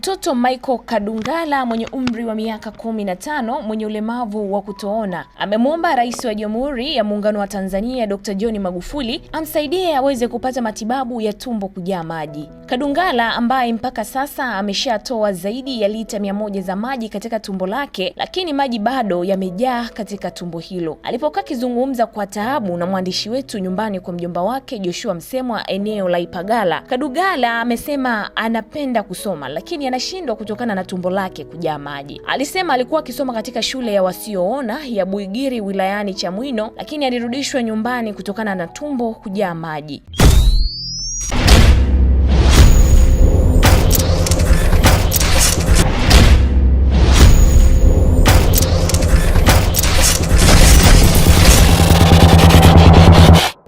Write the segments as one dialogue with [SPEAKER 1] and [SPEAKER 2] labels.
[SPEAKER 1] Mtoto Michael Kadungala mwenye umri wa miaka kumi na tano mwenye ulemavu wa kutoona amemwomba Rais wa Jamhuri ya Muungano wa Tanzania Dr. John Magufuli amsaidie aweze kupata matibabu ya tumbo kujaa maji. Kadungala ambaye mpaka sasa ameshatoa zaidi ya lita mia moja za maji katika tumbo lake, lakini maji bado yamejaa katika tumbo hilo. Alipokaa akizungumza kwa taabu na mwandishi wetu nyumbani kwa mjomba wake Joshua Msemwa eneo la Ipagala, Kadungala amesema anapenda kusoma lakini anashindwa kutokana na tumbo lake kujaa maji. Alisema alikuwa akisoma katika shule ya wasioona ya Buigiri wilayani Chamwino, lakini alirudishwa nyumbani kutokana na tumbo kujaa maji.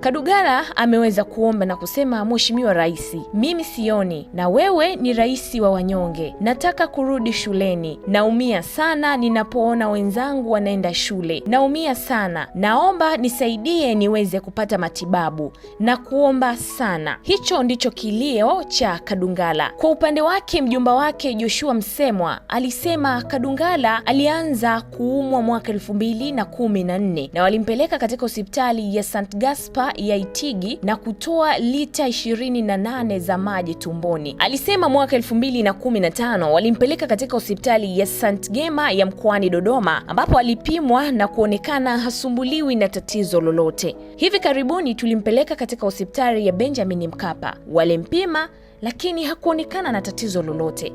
[SPEAKER 1] Kadugala ameweza kuomba na kusema, Mheshimiwa Rais, mimi sioni na wewe ni rais wa wanyonge, nataka kurudi shuleni. Naumia sana ninapoona wenzangu wanaenda shule, naumia sana, naomba nisaidie niweze kupata matibabu na kuomba sana. Hicho ndicho kilio cha Kadungala. Kwa upande wake, mjomba wake Joshua Msemwa alisema Kadungala alianza kuumwa mwaka elfu mbili na kumi na nne na walimpeleka katika hospitali ya St Gaspar ya Itigi na kutoa lita 28 za maji tumboni. Alisema mwaka 2015 walimpeleka katika hospitali ya St. Gema ya mkoani Dodoma ambapo alipimwa na kuonekana hasumbuliwi na tatizo lolote. Hivi karibuni tulimpeleka katika hospitali ya Benjamin Mkapa, walimpima lakini hakuonekana na tatizo lolote.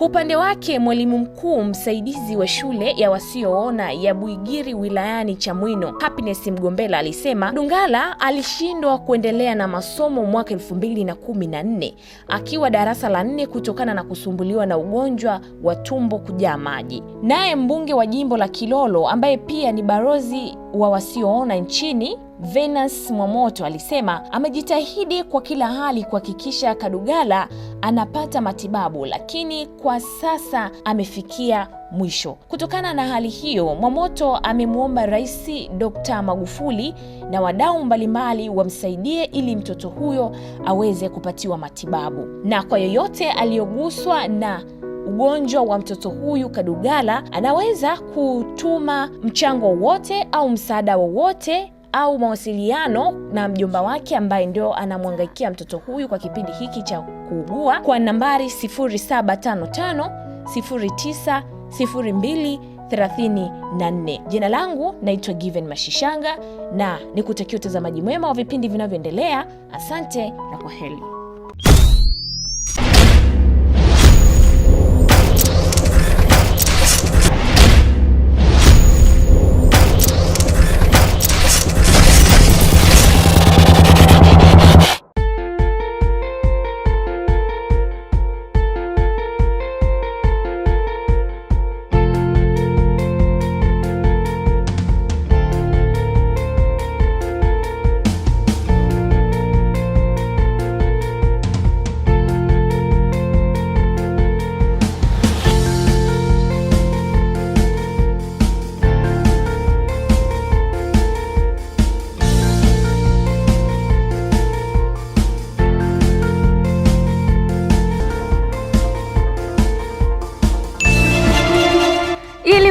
[SPEAKER 1] Kwa upande wake mwalimu mkuu msaidizi wa shule ya wasioona ya Buigiri wilayani Chamwino, Happiness Mgombela alisema Dungala alishindwa kuendelea na masomo mwaka 2014 akiwa darasa la nne kutokana na kusumbuliwa na ugonjwa wa tumbo kujaa maji. Naye mbunge wa jimbo la Kilolo ambaye pia ni barozi wa wasioona nchini Venus Mwamoto alisema amejitahidi kwa kila hali kuhakikisha Kadugala anapata matibabu, lakini kwa sasa amefikia mwisho. Kutokana na hali hiyo, Mwamoto amemwomba Rais Dr. Magufuli na wadau mbalimbali wamsaidie ili mtoto huyo aweze kupatiwa matibabu, na kwa yoyote aliyoguswa na ugonjwa wa mtoto huyu Kadugala anaweza kutuma mchango wowote au msaada wowote au mawasiliano na mjomba wake ambaye ndio anamwangaikia mtoto huyu kwa kipindi hiki cha kuugua kwa nambari 0755 09 02 34. Jina langu naitwa Given Mashishanga na nikutakia utazamaji mwema wa vipindi vinavyoendelea. Asante na kwa heli